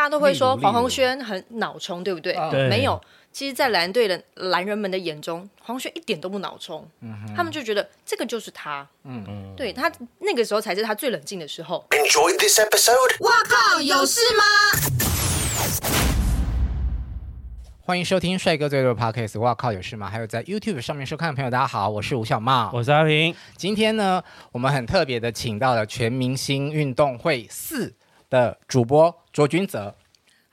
大家都會說黃宏軒很腦衝，對不對？嗯、對沒有，其實，在藍隊的藍人們的眼中，黃宏軒一點都不腦衝，嗯、哼他們就覺得這個就是他。嗯嗯，對他那個時候才是他最冷靜的時候。Enjoy this episode。我靠，有事嗎？歡迎收聽《帥哥最多的 Podcast》。我靠，有事嗎？還有在 YouTube 上面收看的朋友，大家好，我是吳小帽，我是阿平。今天呢，我們很特別的請到了《全明星運動會四》的主播。卓君澤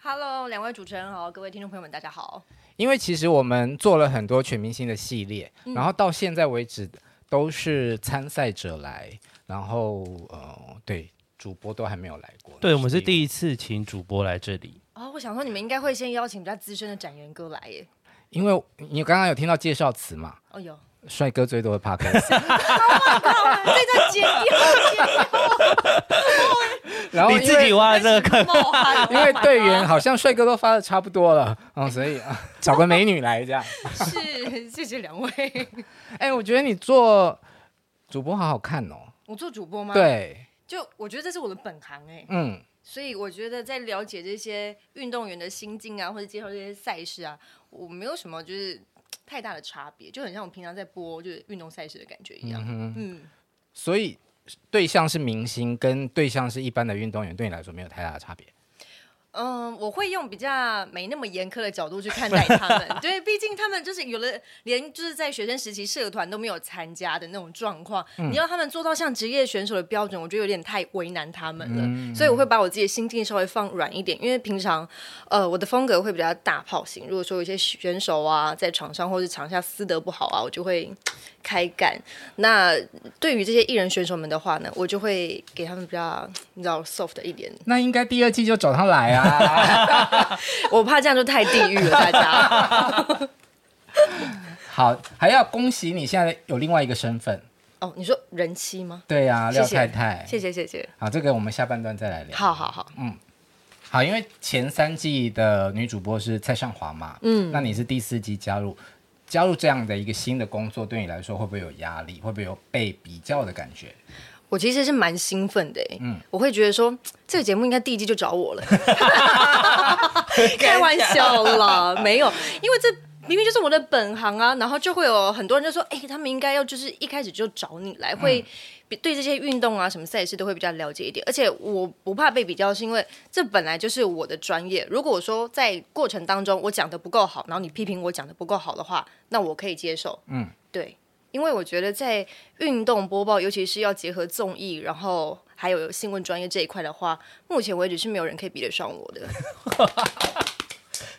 ，Hello，兩位主持人好，各位聽眾朋友們，大家好。因為其實我們做了很多全明星的系列，嗯、然後到現在為止都是參賽者來，然後呃，對，主播都還沒有來過。對，這個、我們是第一次請主播來這裡。啊、哦，我想說你們應該會先邀請比較資深的展元哥來耶。因為你剛剛有聽到介紹詞嘛？哦，有。帥哥最多的 Podcast，哇，這個 然後你自己挖的這個坑，啊、因為隊員好像帥哥都發的差不多了，嗯，所以這 找個美女來一下是這樣。是謝謝兩位。哎，我覺得你做主播好好看哦。我做主播嗎？對，就我覺得這是我的本行哎、欸。嗯。所以我覺得在了解這些運動員的心境啊，或者介紹這些賽事啊，我沒有什麼就是。太大的差別，就很像我們平常在播就是運動賽事的感覺一樣。嗯哼。嗯，所以對象是明星跟對象是一般的運動員，對你來說沒有太大的差別。嗯、呃，我會用比較沒那麼嚴苛的角度去看待他們， 對，畢竟他們就是有了連就是在學生時期社團都沒有參加的那種狀況，嗯、你要他們做到像職業選手的標準，我覺得有點太為難他們了。嗯、所以我會把我自己的心境稍微放軟一點，嗯、因為平常呃我的風格會比較大炮型，如果說有些選手啊在場上或者場下私德不好啊，我就會。開幹。那對於這些藝人選手們的話呢，我就會給他們比較你知道 soft 一點。那應該第二季就找他來啊！ 我怕這樣就太地獄了，大家。 好，還要恭喜你現在有另外一個身份哦。你說人妻嗎？對呀、啊，謝謝廖太太。謝謝謝謝。好，這個我們下半段再來聊。好好好，嗯，好，因為前三季的女主播是蔡尚華嘛，嗯，那你是第四季加入。加入這樣的一個新的工作，對你來說會不會有壓力？會不會有被比較的感覺？我其實是蠻興奮的，嗯，我會覺得說這個節目應該第一季就找我了， 開玩笑啦， 沒有，因為這明明就是我的本行啊，然後就會有很多人就說，哎、欸，他們應該要就是一開始就找你來會。嗯對這些運動啊，什麼賽事都會比較了解一點，而且我不怕被比較，是因為這本來就是我的專業。如果說在過程當中我講得不夠好，然後你批評我講得不夠好的話，那我可以接受。嗯，對，因為我覺得在運動播報，尤其是要結合綜藝，然後還有新聞專業這一塊的話，目前為止是沒有人可以比得上我的。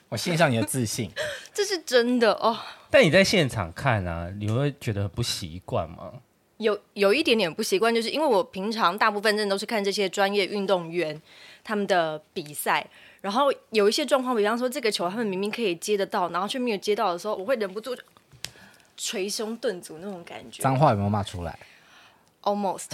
我欣賞你的自信，這是真的哦。但你在現場看啊，你會覺得不習慣嗎？有有一點點不習慣，就是因為我平常大部分真的都是看這些專業運動員他們的比賽，然後有一些狀況，比方說這個球他們明明可以接得到，然後卻沒有接到的時候，我會忍不住捶胸頓足那種感覺。髒話有沒有罵出來？Almost。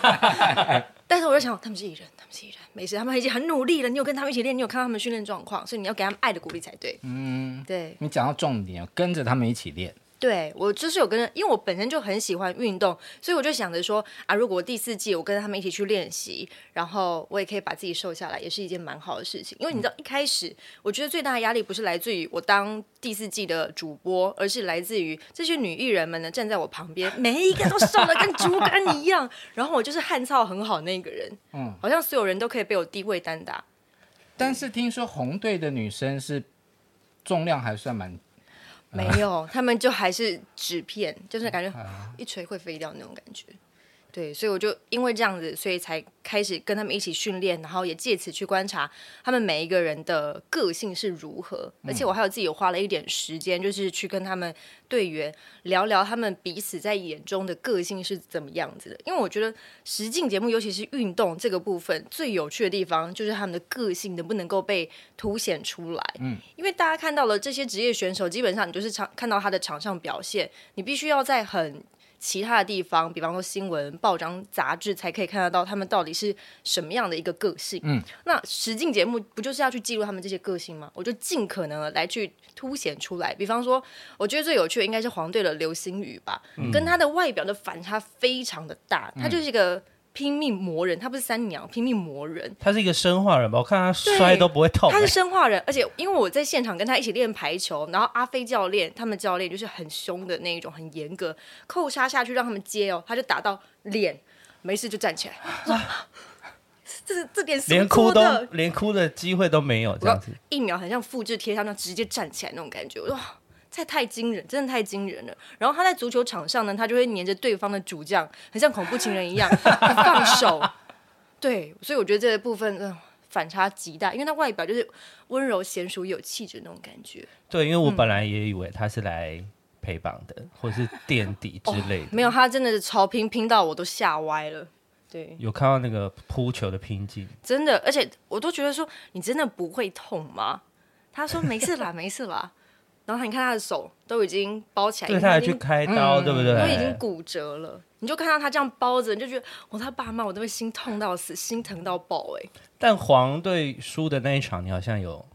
但是我就想，他們是藝人，他們是藝人，沒事，他們已經很努力了。你有跟他們一起練，你有看到他們訓練狀況，所以你要給他們愛的鼓勵才對。嗯，對。你講到重點，跟着他們一起練。對，我就是有跟，因為我本身就很喜歡運動，所以我就想着說啊，如果我第四季我跟他們一起去練習，然後我也可以把自己瘦下來，也是一件蠻好的事情。因為你知道，嗯、一開始我覺得最大的壓力不是來自於我當第四季的主播，而是來自於這些女藝人們呢站在我旁邊，每一個都瘦的跟竹竿一樣， 然後我就是汗操很好那個人，嗯，好像所有人都可以被我低位單打。但是聽說紅隊的女生是重量還算蠻。 沒有，他們就還是紙片，就是感覺一錘會飛掉那種感覺。對，所以我就因為這樣子，所以才開始跟他們一起訓練，然後也借此去觀察他們每一個人的個性是如何。嗯，而且我還有自己有花了一點時間，就是去跟他們隊員聊聊他們彼此在眼中的個性是怎麼樣子的。因為我覺得實境節目，尤其是運動這個部分，最有趣的地方就是他們的個性能不能夠被凸顯出來。嗯，因為大家看到了這些職業選手，基本上你就是場看到他的場上表現，你必須要在很。其他的地方，比方說新聞、報章、雜誌，才可以看得到他們到底是什麼樣的一個個性。嗯，那實境節目不就是要去記錄他們這些個性嗎？我就盡可能來去凸顯出來。比方說，我覺得最有趣的應該是黃隊的流星雨吧，嗯、跟他的外表的反差非常的大，他就是一個。拼命磨人，他不是三娘，拚命魔人。他是一個生化人吧？我看他摔都不會痛。他是生化人，而且因為我在現場跟他一起練排球，然後阿飛教練他們教練就是很凶的那一種，很嚴格，扣殺下去讓他們接哦，他就打到臉，沒事就站起來。啊、這是這件事。連哭都連哭的機會都沒有這樣子，一秒很像複制貼上，那直接站起來那種感覺。我說。太太驚人，真的太驚人了。然後他在足球場上呢，他就會黏着對方的主將，很像恐怖情人一樣，不放手。 對，所以我覺得這個部分、呃、反差極大，因為他外表就是溫柔、嫻熟、有氣質的那種感覺。對，因為我本來也以為他是來陪綁的，嗯、或者是墊底之類的、哦。沒有，他真的是超拼，拼到我都嚇歪了。對，有看到那個撲球的拼勁，真的，而且我都覺得說，你真的不會痛嗎？他說沒事啦， 沒事啦。然後你看他的手都已經包起來，對，他還去開刀，嗯、對不對？都已經骨折了，你就看到他這樣包着，你就覺得，我、哦、他爸媽，我都會心痛到死，心疼到爆哎！但黃隊輸的那一場，你好像有。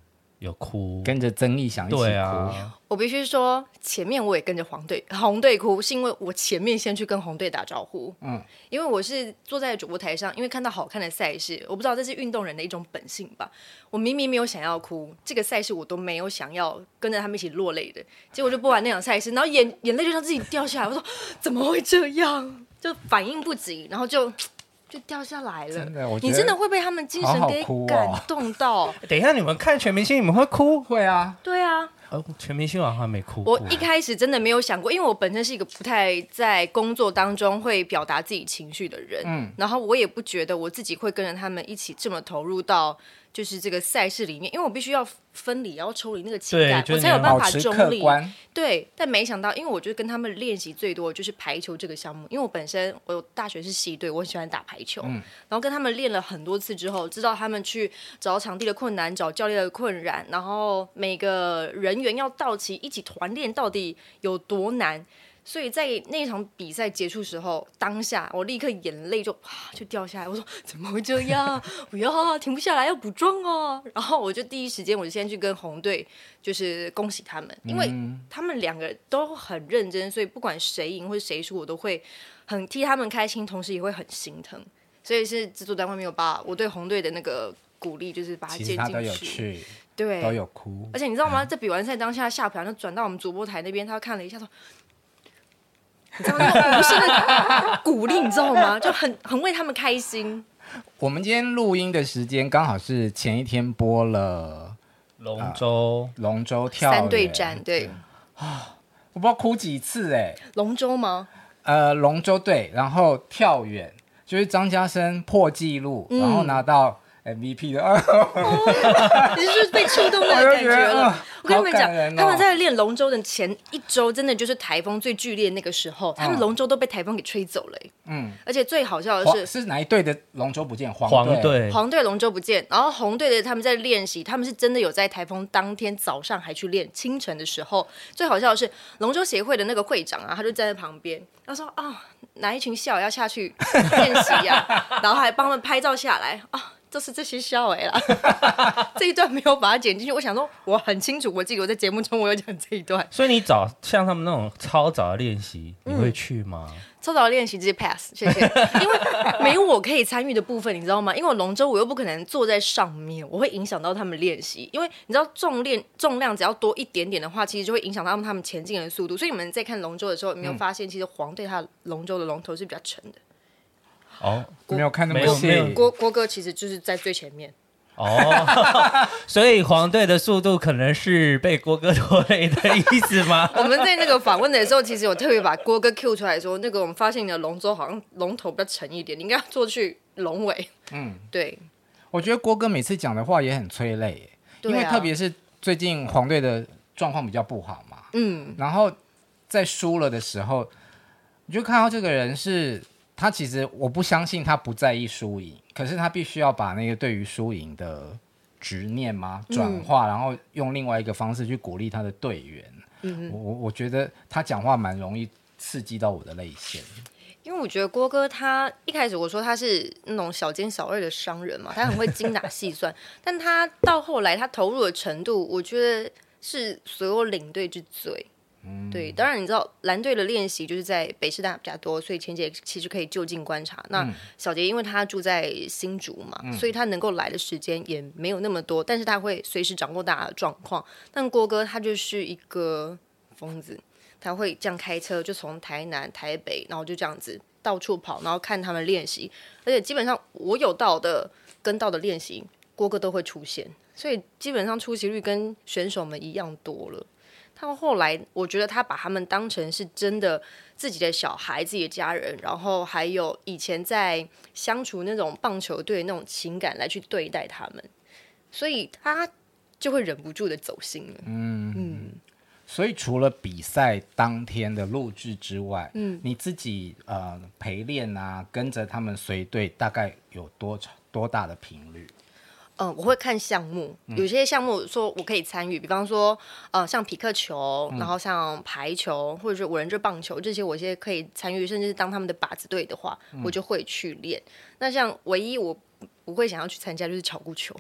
有哭，跟着曾毅想一起哭。對啊、我必須說，前面我也跟着黃隊、紅隊哭，是因為我前面先去跟紅隊打招呼。嗯，因為我是坐在主播台上，因為看到好看的賽事，我不知道這是運動人的一種本性吧。我明明沒有想要哭，這個賽事我都沒有想要跟着他們一起落淚的，結果就播完那場賽事，然後眼眼淚就像自己掉下來，我說怎麼會這樣？就反應不及，然後就。就掉下來了，真的，我覺得你真的會被他們精神給感動到。好好哭哦、 等一下，你們看全明星，你們會哭？會啊，對啊。哦，全明星好像還沒哭。我一開始真的沒有想過，因為我本身是一個不太在工作當中會表達自己情緒的人，嗯，然後我也不覺得我自己會跟着他們一起這麼投入到就是這個賽事裡面，因為我必須要分離，然後抽離那個情感，就是、我才有辦法中立。對，但沒想到，因為我就跟他們練習最多就是排球這個項目，因為我本身我大學是系隊，我很喜歡打排球，嗯、然後跟他們練了很多次之後，知道他們去找場地的困難，找教練的困擾，然後每個人。人員要到齊，一起團練到底有多難？所以在那場比賽結束時候，當下我立刻眼淚就啪、啊、就掉下來。我說怎麼會這樣？不 要，停不下來，要補妝哦！然後我就第一時間我就先去跟紅隊，就是恭喜他們，因為他們兩個都很認真，所以不管誰贏或者誰輸，我都會很替他們開心，同時也會很心疼。所以是製作單位沒有把我對紅隊的那個。鼓勵就是把他接進去，對，都有哭，而且你知道嗎？在比完賽當下，下票就轉到我們主播台那邊，他看了一下，說：“鼓勵，你知道嗎？就很很為他們開心。”我們今天錄音的時間剛好是前一天播了龍舟、龍舟跳三對戰，對啊，我不知道哭幾次哎。龍舟嗎？呃，龍舟隊，然後跳遠就是張家生破紀錄，然後拿到。MVP 的啊！哦、 你是不是被觸動的感覺了？啊、我跟你們講，哦、他們在練龍舟的前一周，真的就是台風最劇烈那個時候，嗯、他們龍舟都被台風給吹走了、欸。嗯，而且最好笑的是，是哪一隊的龍舟不見？黃隊，黃隊隊龍舟不見。然後紅隊的他們在練習，他們是真的有在台風當天早上還去練。清晨的時候，最好笑的是龍舟協會的那個會長啊，他就站在旁邊，他說：“啊、哦，哪一群小要下去練習呀？” 然後還幫他們拍照下來啊。哦就是這些笑哎啦，這一段沒有把它剪進去。我想說，我很清楚，我記得我在節目中我有講這一段。所以你找像他們那種超早的練習，你會去嗎？嗯、超早的練習直接 pass 謝謝，因為沒有我可以參與的部分，你知道嗎？因為龍舟我又不可能坐在上面，我會影響到他們練習。因為你知道重練重量只要多一點點的話，其實就會影響到他們他們前進的速度。所以你們在看龍舟的時候，有沒有發現其實黃隊他龍舟的龍頭是比較沉的？哦，沒有看那麼細。郭郭哥其實就是在最前面。哦， 所以黃隊的速度可能是被郭哥拖累的意思嗎？ 我們在那個訪問的時候，其實有特別把郭哥 Q 出來說，說那個我們發現你的龍舟好像龍頭比較沉一點，你應該要坐去龍尾。嗯，對。我覺得郭哥每次講的話也很催淚，對啊、因為特別是最近黃隊的狀況比較不好嘛。嗯，然後在輸了的時候，你就看到這個人是。他其實我不相信他不在意輸贏，可是他必須要把那個對於輸贏的執念嘛，轉化，嗯、然後用另外一個方式去鼓勵他的隊員。嗯、哼我我我覺得他講話蠻容易刺激到我的淚腺，因為我覺得郭哥他一開始我說他是那種小奸小惡的商人嘛，他很會精打細算， 但他到後來他投入的程度，我覺得是所有領隊之最。對，當然你知道藍隊的練習就是在北市大比較多，所以錢姐其實可以就近觀察。那小杰因為他住在新竹嘛，嗯、所以他能夠來的時間也沒有那麼多，但是他會隨時掌握大家的狀況。但郭哥他就是一個瘋子，他會這樣開車就從台南、台北，然後就這樣子到處跑，然後看他們練習。而且基本上我有到的、跟到的練習，郭哥都會出現，所以基本上出席率跟選手們一樣多了。到後來，我覺得他把他們當成是真的自己的小孩、自己的家人，然後還有以前在相處那種棒球隊那種情感來去對待他們，所以他就會忍不住的走心了。嗯，嗯。所以除了比賽當天的錄制之外，嗯，你自己呃陪練啊，跟着他們隨隊，大概有多長、多大的頻率？嗯、呃，我會看項目，有些項目說我可以參與，嗯、比方說，呃，像匹克球，嗯、然後像排球，或者是五人制棒球這些，我些可以參與，甚至是當他們的靶子隊的話，嗯、我就會去練。那像唯一我不會想要去參加就是巧固球，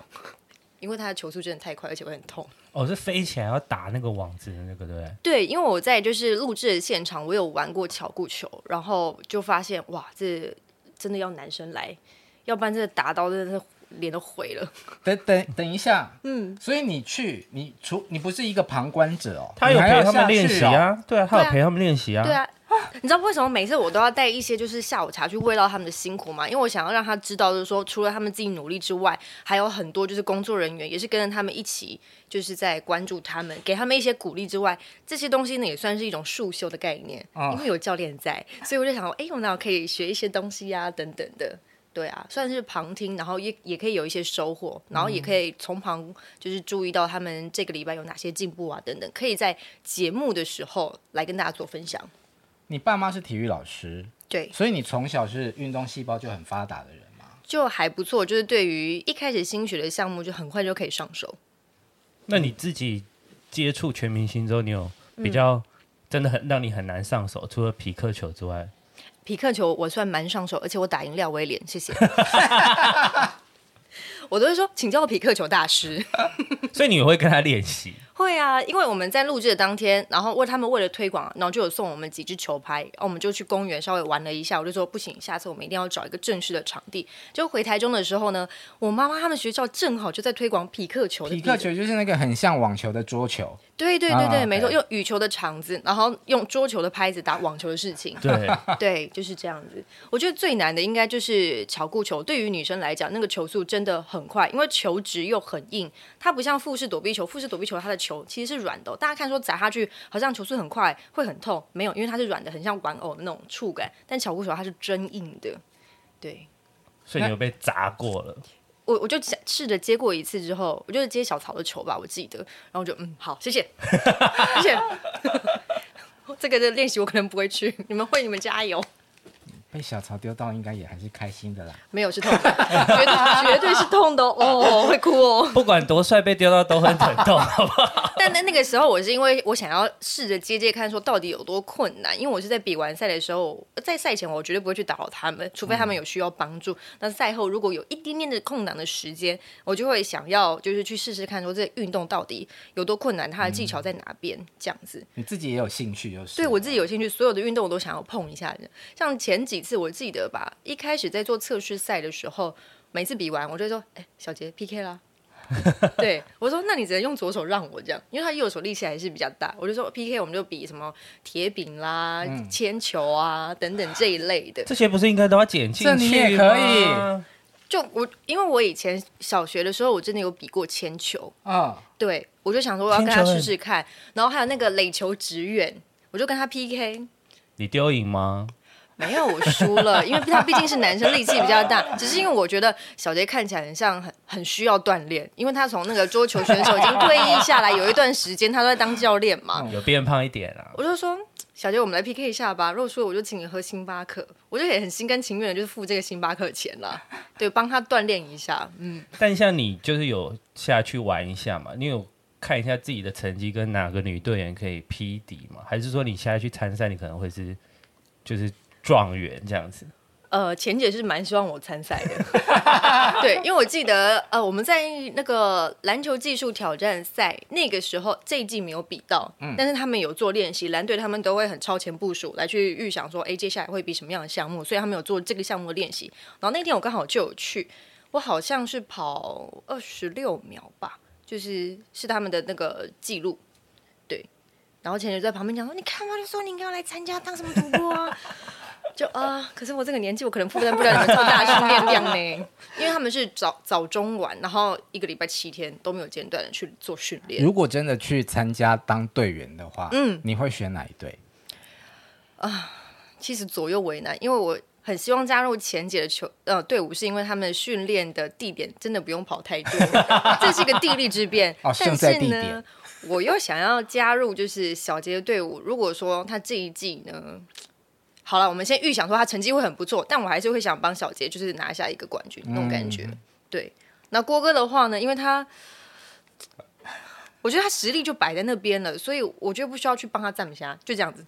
因為他的球速真的太快，而且會很痛。哦，是飛起來要打那個網子的那個，對不對？對，因為我在就是錄制的現場，我有玩過巧固球，然後就發現哇，這真的要男生來，要不然這打到真的是。臉都毀了。等等等一下，嗯，所以你去，你除你不是一個旁觀者哦，他有陪他們練習啊，對啊，他有陪他們練習啊，對啊、哦。你知道為什麼每次我都要帶一些就是下午茶去慰勞他們的辛苦嗎？因為我想要讓他知道，就是說除了他們自己努力之外，還有很多就是工作人員也是跟着他們一起就是在關注他們，給他們一些鼓勵之外，這些東西呢也算是一種束修的概念，哦、因為有教練在，所以我就想說，哎，我那我可以學一些東西呀、啊，等等的。對啊，算是旁聽，然後也也可以有一些收穫，然後也可以從旁就是注意到他們這個禮拜有哪些進步啊等等，可以在節目的時候來跟大家做分享。你爸媽是體育老師？對，所以你從小是運動細胞就很發達的人嗎？就還不錯，就是對於一開始新學的項目就很快就可以上手。嗯。那你自己接觸全明星之後，你有比較真的很讓你很難上手，除了匹克球之外？匹克球我算蠻上手，而且我打贏廖威廉，謝謝。 我都會說，請叫我匹克球大師。 所以你會跟他練習？會啊，因為我們在錄制的當天，然後為他們為了推廣，然後就有送我們幾支球拍，然後我們就去公園稍微玩了一下。我就說不行，下次我們一定要找一個正式的場地。就回台中的時候呢，我媽媽他們學校正好就在推廣匹克球，匹克球就是那個很像網球的桌球。對對對對，啊、沒錯，用羽球的場子，哎、然後用桌球的拍子打網球的事情，對對，就是這樣子。我覺得最難的應該就是巧固球，對於女生來講，那個球速真的很快，因為球質又很硬。它不像複式躲避球，複式躲避球它的球其實是軟的、哦，大家看說砸下去好像球速很快，會很痛，沒有，因為它是軟的，很像玩偶的那種觸感。但巧固球它是真硬的，對。所以你又被砸過了。呃我我就試着接過一次之後，我就是接小曹的球吧，我記得，然後我就嗯好，謝謝，謝謝，這個的練習我可能不會去，你們會你們加油。被小曹丟到應該也還是開心的啦，沒有是痛的，絕對絕對是痛的哦，哦會哭哦，不管多帥被丟到都很疼痛，好不好在那個時候，我是因為我想要試着接接看，說到底有多困難。因為我是在比完賽的時候，在賽前我絕對不會去打擾他們，除非他們有需要幫助。嗯、那賽後如果有一點點的空檔的時間，我就會想要就是去試試看，說這運動到底有多困難，它的技巧在哪邊、嗯、這樣子。你自己也有興趣，就是對我自己有興趣，所有的運動我都想要碰一下的。像前幾次我記得吧，一開始在做測試賽的時候，每次比完我就說：“欸、小傑 PK 啦。” 對，我說，那你只能用左手讓我這樣，因為他右手力氣還是比較大。我就說，P K，我們就比什麼鐵餅啦、啊、鉛、嗯、球啊等等這一類的。這些不是應該都要減進去嗎？這你也可以。就我，因為我以前小學的時候，我真的有比過鉛球啊。哦、對，我就想說，我要跟他試試看。然後還有那個壘球擲遠，我就跟他 P K。你丟贏嗎？沒有，我輸了，因為他畢竟是男生， 力氣比較大。只是因為我覺得小杰看起來很像很很需要鍛鍊，因為他從那個桌球選手已經退役下來有一段時間， 他都在當教練嘛，嗯、有變胖一點啊。我就說，小杰，我們來 PK 一下吧。如果說我就請你喝星巴克，我就也很心甘情願的，就是付這個星巴克錢了，對，幫他鍛鍊一下。嗯。但像你就是有下去玩一下嘛？你有看一下自己的成績跟哪個女隊員可以匹敵嘛？還是說你下去參賽，你可能會是就是。狀元這樣子，呃，錢姐是蠻希望我參賽的。 對，因為我記得，呃，我們在那個籃球技術挑戰賽那個時候，這一季沒有比到，嗯，但是他們有做練習，藍隊他們都會很超前部署來去預想說，哎、欸，接下來會比什麼樣的項目，所以他們有做這個項目的練習，然後那天我剛好就有去，我好像是跑二十六秒吧，就是是他們的那個記錄，對，然後錢姐在旁邊講說，你看我就說你應該要來參加，當什麼主播啊。 就啊、呃，可是我這個年紀，我可能負擔不了那麼大訓練量呢。 因為他們是早早中晚，然後一個禮拜七天都沒有間斷的去做訓練。如果真的去參加當隊員的話，嗯，你會選哪一隊啊、呃？其實左右為難，因為我很希望加入前姐的球呃隊伍，是因為他們訓練的地點真的不用跑太多， 這是一個地利之便。哦、但是呢，我又想要加入就是小杰的隊伍。如果說他這一季呢？好了，我們先預想說他成績會很不錯，但我還是會想幫小杰，就是拿下一個冠軍那種感覺。嗯、對，那郭哥的話呢，因為他，我覺得他實力就擺在那邊了，所以我覺得不需要去幫他站一下，就這樣子。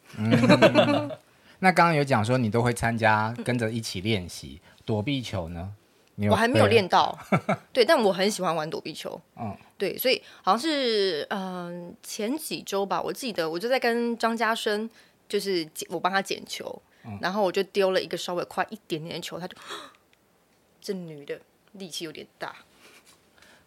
那剛剛有講說你都會參加，跟着一起練習、嗯、躲避球呢？我還沒有練到， 對，但我很喜歡玩躲避球。嗯，對，所以好像是嗯、呃、前幾周吧，我記得我就在跟張家生。就是我幫他撿球，然後我就丟了一個稍微快一點點的球，嗯、他就，這女的力氣有點大，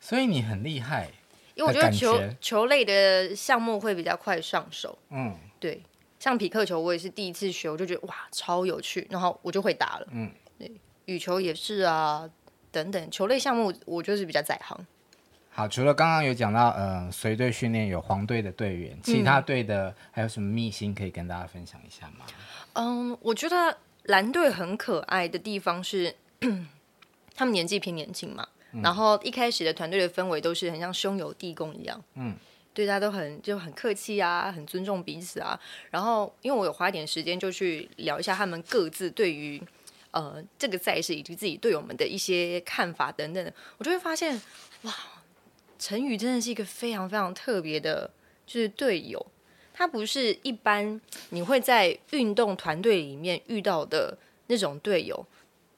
所以你很厲害，因為我覺得球球類的項目會比較快上手，嗯，對，像匹克球我也是第一次學，我就覺得哇超有趣，然後我就會打了，嗯，對，羽球也是啊，等等球類項目我就是比較在行。好，除了剛剛有講到，呃、隨隊訓練隊隊嗯，隨隊訓練有黃隊的隊員，其他隊的還有什麼秘辛可以跟大家分享一下嗎？嗯，我覺得藍隊很可愛的地方是，他們年紀偏年輕嘛，嗯、然後一開始的團隊的氛圍都是很像兄友弟恭一樣，嗯，對，大家都很就很客氣啊，很尊重彼此啊。然後因為我有花一點時間就去聊一下他們各自對於呃這個賽事以及自己隊友們的一些看法等等的，我就會發現，哇。陳宇真的是一個非常非常特別的，就是隊友，他不是一般你會在運動團隊裡面遇到的那種隊友，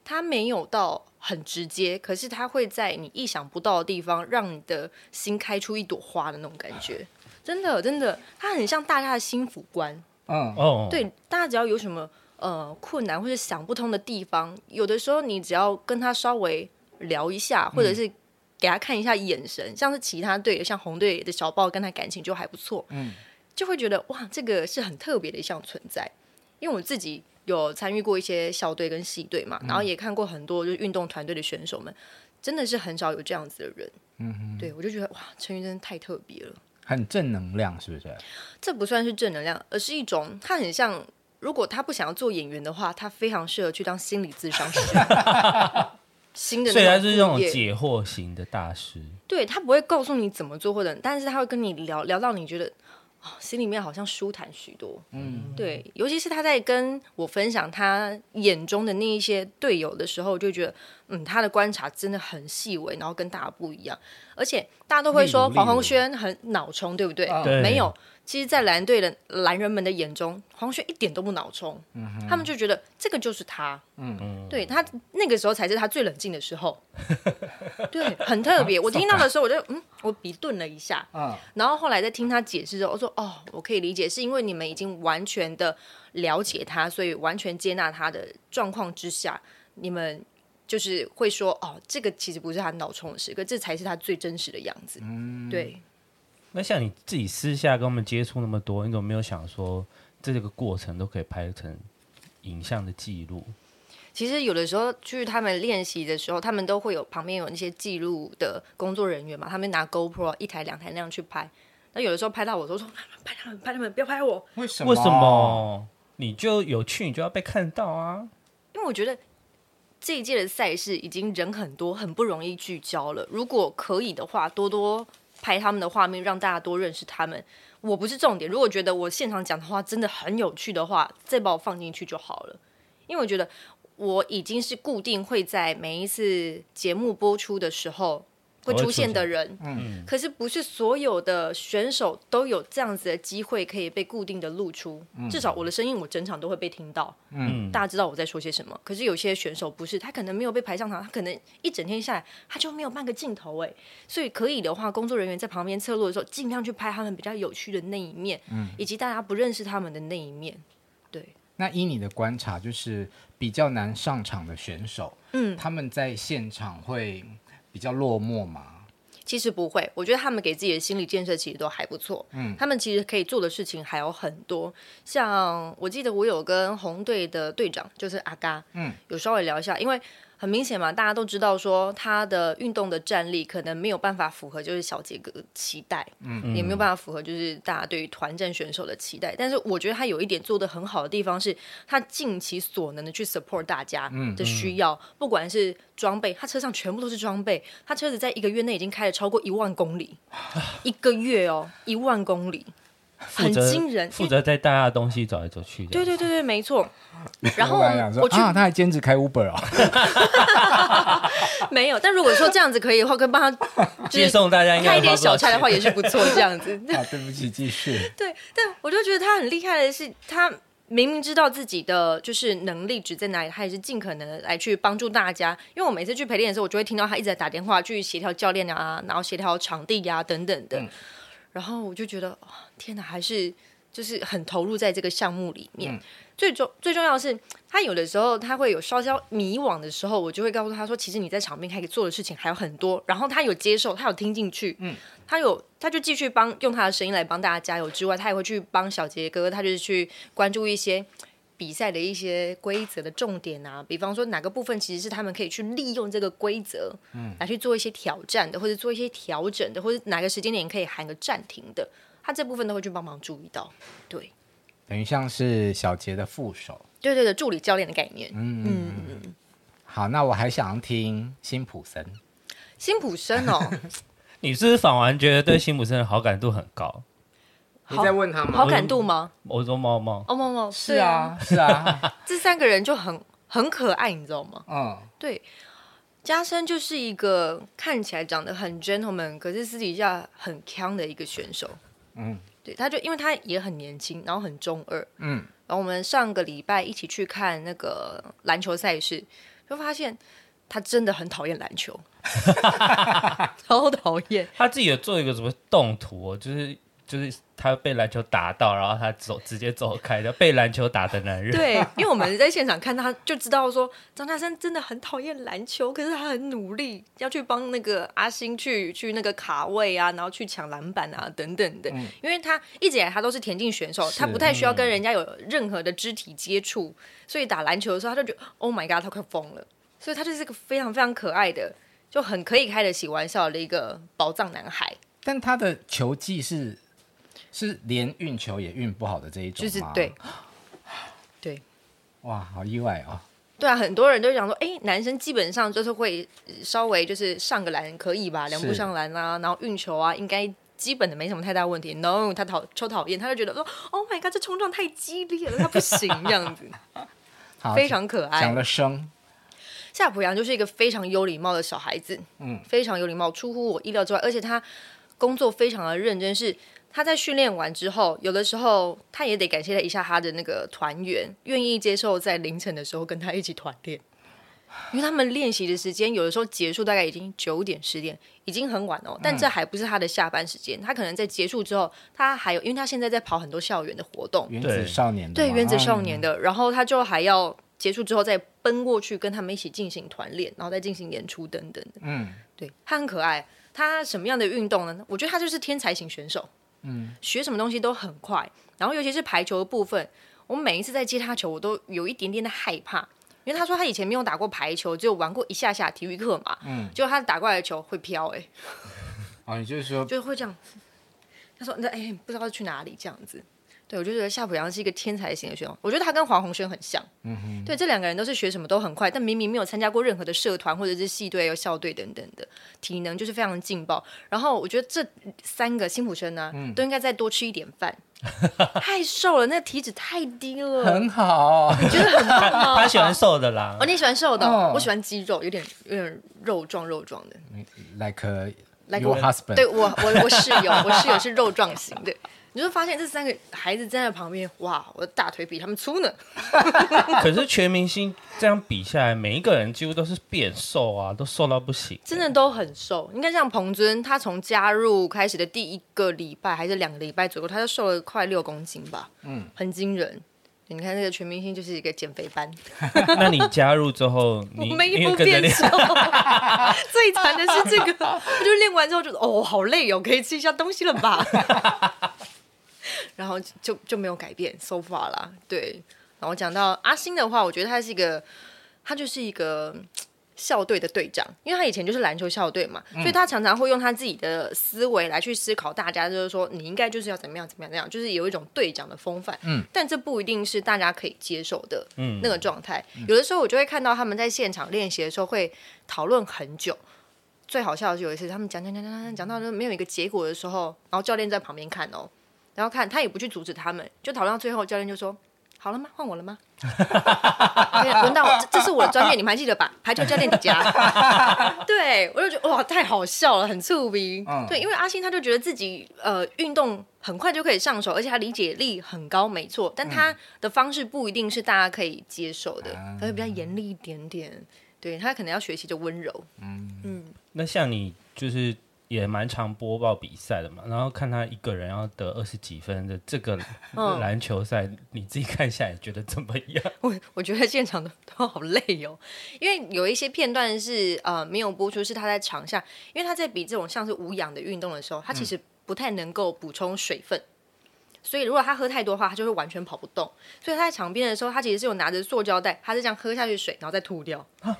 他沒有到很直接，可是他會在你意想不到的地方，讓你的心開出一朵花的那種感覺，啊、真的真的，他很像大家的心輔官，嗯哦，哦哦對，大家只要有什麼呃困難或者想不通的地方，有的時候你只要跟他稍微聊一下，嗯、或者是。給他看一下眼神，像是其他隊像紅隊的小豹跟他感情就還不錯，嗯，就會覺得哇，這個是很特別的一項存在。因為我自己有參與過一些校隊跟系隊嘛，嗯、然後也看過很多就是運動團隊的選手們，真的是很少有這樣子的人，嗯哼對，我就覺得哇，陳云真的太特別了，很正能量是不是？這不算是正能量，而是一種他很像，如果他不想要做演員的話，他非常適合去當心理諮商師。 新的所以他是這種解惑型的大師，對他不會告訴你怎麼做或者，但是他會跟你聊聊到你覺得、哦，心裡面好像舒坦許多。嗯，對，尤其是他在跟我分享他眼中的那一些隊友的時候，就覺得，嗯，他的觀察真的很細微，然後跟大家不一樣，而且大家都會說黃宏軒很腦衝，對不對？嗯、對沒有。其實，在藍隊的藍人們的眼中，黃軒一點都不腦衝。嗯、哼他們就覺得這個就是他。嗯，嗯，對，他那個時候才是他最冷靜的時候。 對，很特別。我聽到的時候，我就嗯，我筆頓了一下。嗯、啊，然後後來在聽他解釋之後，我說：“哦，我可以理解，是因為你們已經完全的了解他，所以完全接納他的狀況之下，你們就是會說：‘哦，這個其實不是他腦衝的事，可這才是他最真實的樣子。’嗯，對。”那像你自己私下跟他們接觸那麼多，你怎麼沒有想說，這個過程都可以拍成影像的記錄？其實有的時候去他們練習的時候，他們都會有旁邊有那些記錄的工作人員嘛，他們拿 GoPro 一台兩台那樣去拍。那有的時候拍到我說，我說拍他們，拍他們，不要拍我。為什麼？為什麼？你就有趣，你就要被看到啊！因為我覺得這一屆的賽事已經人很多，很不容易聚焦了。如果可以的話，多多，拍他們的畫面，讓大家多認識他們。我不是重點，如果覺得我現場講的話真的很有趣的話，再把我放進去就好了。因為我覺得我已經是固定會在每一次節目播出的時候。會出現的人，嗯，可是不是所有的選手都有這樣子的機會可以被固定的露出，嗯、至少我的聲音我整場都會被聽到，嗯，大家知道我在說些什麼。可是有些選手不是，他可能沒有被排上場，他可能一整天下來他就沒有半個鏡頭哎，所以可以的話，工作人員在旁邊側錄的時候盡量去拍他們比較有趣的那一面，嗯，以及大家不認識他們的那一面，對。那依你的觀察，就是比較難上場的選手，嗯，他們在現場會。比較落寞嘛？其實不會，我覺得他們給自己的心理建設其實都還不錯。嗯，他們其實可以做的事情還有很多，像我記得我有跟紅隊的隊長，就是阿嘎，嗯，有稍微聊一下，因為。很明顯嘛，大家都知道說他的運動的戰力可能沒有辦法符合就是小杰哥期待，嗯，也沒有辦法符合就是大家對於團戰選手的期待。但是我覺得他有一點做得很好的地方是，他盡其所能的去 support 大家的需要，不管是裝備，他車上全部都是裝備，他車子在一個月內已經開了超過一萬公里，一個月哦，一萬公里。很驚人，負責帶大家東西走來走去的。對對對對，沒錯。 然後我覺得就、啊、他還兼職開 Uber 啊、哦， 沒有。但如果說這樣子可以的話，可以幫他、就是、接送大家應該， 開一點小差的話也是不錯。這樣子。對啊，對不起，繼續。對，但我就覺得他很厲害的是，他明明知道自己的就是能力值在哪裡，他也是盡可能來去幫助大家。因為我每次去陪練的時候，我就會聽到他一直在打電話去協調教練啊，然後協調場地呀、啊、等等的。嗯、然後我就覺得。天吶，還是就是很投入在這個項目裡面。嗯、最重最重要的是，他有的時候他會有稍稍迷惘的時候，我就會告訴他說：說其實你在場邊可以做的事情還有很多。然後他有接受，他有聽進去，嗯，他有他就繼續幫用他的聲音來幫大家加油之外，他也會去幫小杰哥，他就是去關注一些比賽的一些規則的重點啊，比方說哪個部分其實是他們可以去利用這個規則，嗯，來去做一些挑戰的，嗯、或者做一些調整的，或者哪個時間點可以喊個暫停的。他這部分都會去幫忙注意到，對，等於像是小杰的副手，對對對，助理教練的概念。嗯嗯嗯嗯。好，那我還想聽辛普森。辛普森哦，你是不是反而覺得對辛普森的好感度很高？你在問他嗎？好感度嗎？我說貓貓，哦貓貓，是啊是啊，這三個人就很很可愛，你知道嗎？嗯，對。加森就是一個看起來長得很 gentleman，可是私底下很鏘的一個選手。嗯，對，他就因為他也很年輕，然後很中二，嗯，然後我們上個禮拜一起去看那個籃球賽事，就發現他真的很討厭籃球， 超討厭。他自己有做一個什麼動圖、哦，就是。就是他被籃球打到，然後他走直接走開的被籃球打的男人。 對，因為我們在現場看他，就知道說張大山真的很討厭籃球，可是他很努力要去幫那個阿星去去那個卡位啊，然後去搶籃板啊等等的。嗯、因為他一直以來他都是田徑選手，他不太需要跟人家有任何的肢體接觸，嗯、所以打籃球的時候他就覺得 Oh my God，他快瘋了。所以他就是一個非常非常可愛的，就很可以開得起玩笑的一個寶藏男孩。但他的球技是。是連運球也運不好的這一種嗎？就是對，對，哇，好意外哦！對啊，很多人都想說，哎，男生基本上就是會稍微就是上個籃可以吧，兩步上籃啊，是然後運球啊，應該基本的沒什麼太大問題。No，他討超討厭，他就覺得說，Oh my god，這衝撞太激烈了，他不行 這樣子， 非常可愛。講的聲夏普陽就是一個非常有禮貌的小孩子，嗯，非常有禮貌，出乎我意料之外，而且他。工作非常的認真，是他在訓練完之後，有的時候他也得感謝一下他的那個團員，願意接受在凌晨的時候跟他一起團練，因為他們練習的時間有的時候結束大概已經九點十點，已經很晚哦、喔，但這還不是他的下班時間，嗯、他可能在結束之後，他還有因為他現在在跑很多校園的活動，原子少年的，對、啊、原子少年的，然後他就還要結束之後再奔過去跟他們一起進行團練，然後再進行演出等等的，嗯，對，他很可愛。他什麼樣的運動呢？我覺得他就是天才型選手，嗯，學什麼東西都很快。然後尤其是排球的部分，我每一次在接他球，我都有一點點的害怕，因為他說他以前沒有打過排球，只有玩過一下下體育課嘛，嗯，結果他打過來的球會飄、欸，哎、嗯，啊，你就是說，就會這樣。他說，那哎，不知道去哪裡這樣子。對，我就覺得夏普洋是一個天才型的選手，我覺得他跟黃宏軒很像。嗯、哼對，這兩個人都是學什麼都很快，但明明沒有參加過任何的社團或者是系隊、有校隊等等的，體能就是非常勁爆。然後我覺得這三個辛普生呢、啊，嗯、都應該再多吃一點飯， 太瘦了，那體脂太低了。很好、哦，你覺得很棒他。他喜歡瘦的啦。哦，你喜歡瘦的，哦？Oh. 我喜歡肌肉，有點有點肉壯肉壯的。Like a, your husband？我對我，我我室友，我室友是肉壯型的。對。你就發現這三個孩子站在旁邊，哇，我的大腿比他們粗呢。 可是全明星這樣比下來，每一個人幾乎都是變瘦啊，都瘦到不行。真的都很瘦，你看像彭尊，他從加入開始的第一個禮拜還是兩個禮拜左右，他就瘦了快六公斤吧，嗯，很驚人。你看這個全明星就是一個減肥班。那你加入之後，你沒有變瘦。 最慘的是這個，就練完之後就哦，好累哦，可以吃一下東西了吧。 然後就就沒有改變，so far 啦。對，然後講到阿星的話，我覺得他是一個，他就是一個校隊的隊長，因為他以前就是籃球校隊嘛，嗯、所以他常常會用他自己的思維來去思考大家，就是說你應該就是要怎麼樣怎麼樣怎樣，就是有一種隊長的風範。嗯，但這不一定是大家可以接受的，那個狀態。嗯嗯、有的時候我就會看到他們在現場練習的時候會討論很久，最好笑的是有一次他們講講講講講講到就沒有一個結果的時候，然後教練在旁邊看哦。然後看他也不去阻止他們，就討論到最後，教練就說：“好了嗎？換我了嗎？輪 到我，這是我的專業，你們還記得吧？排球教練的家 對，我就覺得哇，太好笑了，很促咪。嗯、對，因為阿星他就覺得自己呃運動很快就可以上手，而且他理解力很高，沒錯，但他的方式不一定是大家可以接受的，他會、嗯、比較嚴厲一點點。對，他可能要學習的溫柔。嗯嗯，嗯嗯那像你就是。也蠻常播報比賽的嘛，然後看他一個人要得二十幾分的這個籃球賽，嗯、你自己看一下，你覺得怎麼樣？我我覺得現場都，都好累哦，因為有一些片段是呃沒有播出，是他在場下，因為他在比這種像是無氧的運動的時候，他其實不太能夠補充水分，嗯、所以如果他喝太多的話，他就會完全跑不動。所以他在場邊的時候，他其實是有拿着塑膠袋，他是這樣喝下去水，然後再吐掉。啊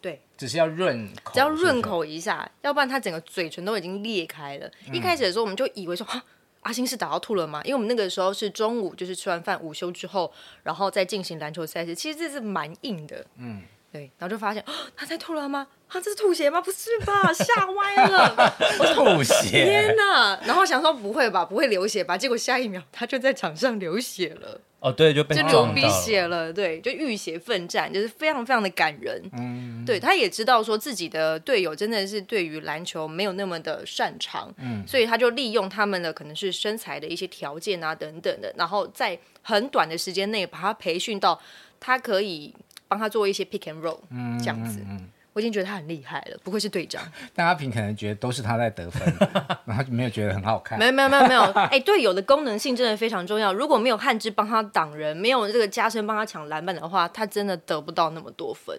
對，只是要潤，只要潤口一下，要不然他整個嘴唇都已經裂開了。嗯、一開始的時候，我們就以為說，哈阿星是打到吐了嗎？因為我們那個時候是中午，就是吃完飯午休之後，然後再進行籃球賽事。其實這是蠻硬的，嗯，對，然後就發現、哦，他在吐了嗎？啊，這是吐血嗎？不是吧，嚇歪了， 吐血我！天哪！然後想說，不會吧，不會流血吧？結果下一秒，他就在場上流血了。哦，對，就被就流鼻血了，對，就浴血奮戰，就是非常非常的感人。嗯嗯，對，他也知道說自己的隊友真的是對於籃球沒有那麼的擅長，嗯，所以他就利用他們的可能是身材的一些條件啊等等的，然後在很短的時間內把他培訓到他可以幫他做一些 pick and roll，嗯，這樣子。嗯嗯嗯我已經覺得他很厲害了，不愧是隊長。但阿平可能覺得都是他在得分， 然後他就沒有覺得很好看。沒有沒有沒有沒有，哎、欸，隊友的功能性真的非常重要。如果沒有漢字幫他擋人，沒有這個加身幫他搶籃板的話，他真的得不到那麼多分。